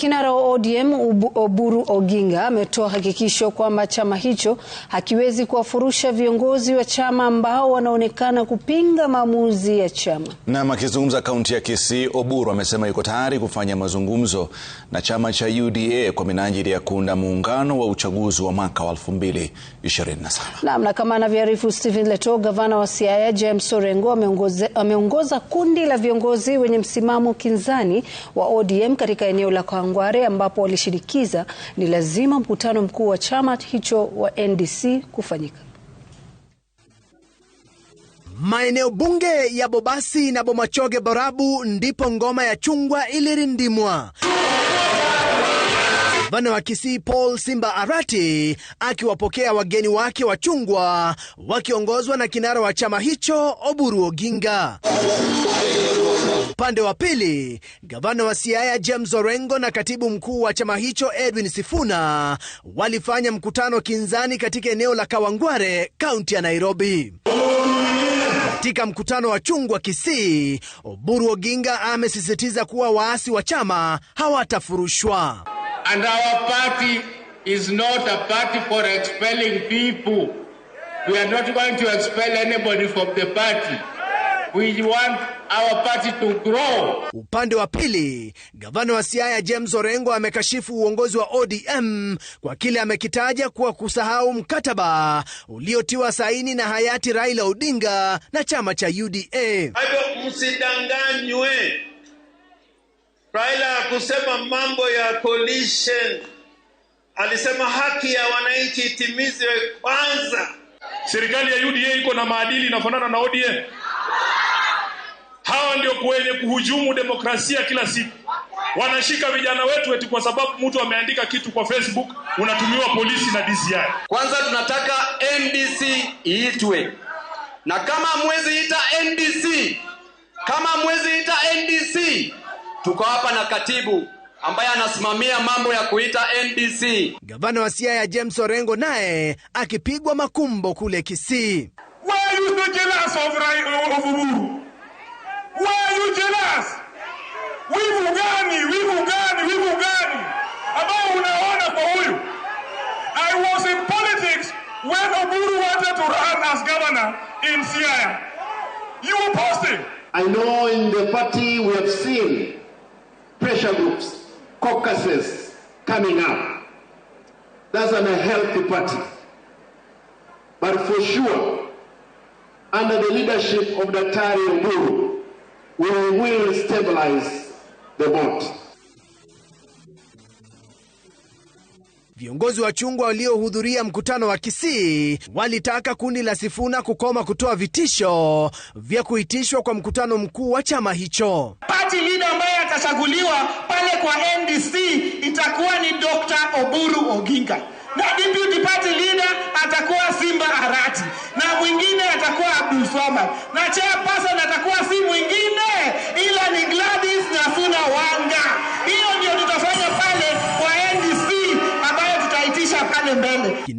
kinara wa ODM Oburu Oginga ametoa hakikisho kwamba chama hicho hakiwezi kuwafurusha viongozi wa chama ambao wanaonekana kupinga maamuzi ya chama. Na akizungumza kaunti ya Kisii, Oburu amesema yuko tayari kufanya mazungumzo na chama cha UDA kwa minajili ya kuunda muungano wa uchaguzi wa mwaka wa 2027. Nam na kama anavyoarifu Stephen Leto, gavana wa Siaya James Orengo ameongoza kundi la viongozi wenye msimamo kinzani wa ODM katika eneo la Kang'o Kangware ambapo walishinikiza ni lazima mkutano mkuu wa chama hicho wa NDC kufanyika. Maeneo bunge ya Bobasi na Bomachoge Borabu ndipo ngoma ya chungwa ilirindimwa. Gavana wa Kisii Paul Simba Arati akiwapokea wageni wake wa chungwa wakiongozwa na kinara wa chama hicho Oburu Oginga. Upande wa pili, gavana wa Siaya James Orengo na katibu mkuu wa chama hicho Edwin Sifuna walifanya mkutano kinzani katika eneo la Kawangware, kaunti ya Nairobi. Katika mkutano wa Chungwa Kisii, Oburu Oginga amesisitiza kuwa waasi wa chama hawatafurushwa. And our party is not a party for expelling people. We are not going to expel anybody from the party. We want our party to grow. Upande wa pili, gavana wa Siaya James Orengo amekashifu uongozi wa ODM kwa kile amekitaja kuwa kusahau mkataba uliotiwa saini na hayati Raila Odinga na chama cha UDA. Hayo msidanganywe. Raila akusema mambo ya coalition. Alisema haki ya wananchi itimizwe kwanza. Serikali ya UDA iko na maadili inafanana na ODM. Hawa ndio kwenye kuhujumu demokrasia kila siku. Wanashika vijana wetu eti kwa sababu mtu ameandika kitu kwa Facebook, unatumiwa polisi na DCI. Kwanza tunataka NDC iitwe, na kama mwezi ita NDC, kama mwezi ita NDC, tuko hapa na katibu ambaye anasimamia mambo ya kuita NDC. Gavana wa Siaya James Orengo naye akipigwa makumbo kule Kisii. Where is the of uhuru? in Sierra. You were posting. I know in the party we have seen pressure groups, caucuses coming up. That's an unhealthy party. But for sure, under the leadership of Daktari Oburu, we will stabilize the vote. Viongozi wa chungwa waliohudhuria mkutano wa Kisii walitaka kundi la Sifuna kukoma kutoa vitisho vya kuitishwa kwa mkutano mkuu wa chama hicho. Pati lida ambaye atachaguliwa pale kwa NDC itakuwa ni Dr. Oburu Oginga na deputy party leader atakuwa Simba Arati na mwingine atakuwa Abdul Swamad na chapa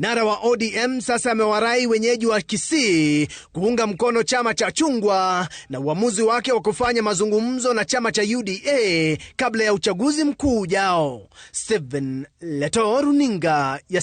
Kinara wa ODM sasa amewarai wenyeji wa Kisii kuunga mkono chama cha chungwa na uamuzi wake wa kufanya mazungumzo na chama cha UDA kabla ya uchaguzi mkuu ujao. Stephen Leto, runinga ya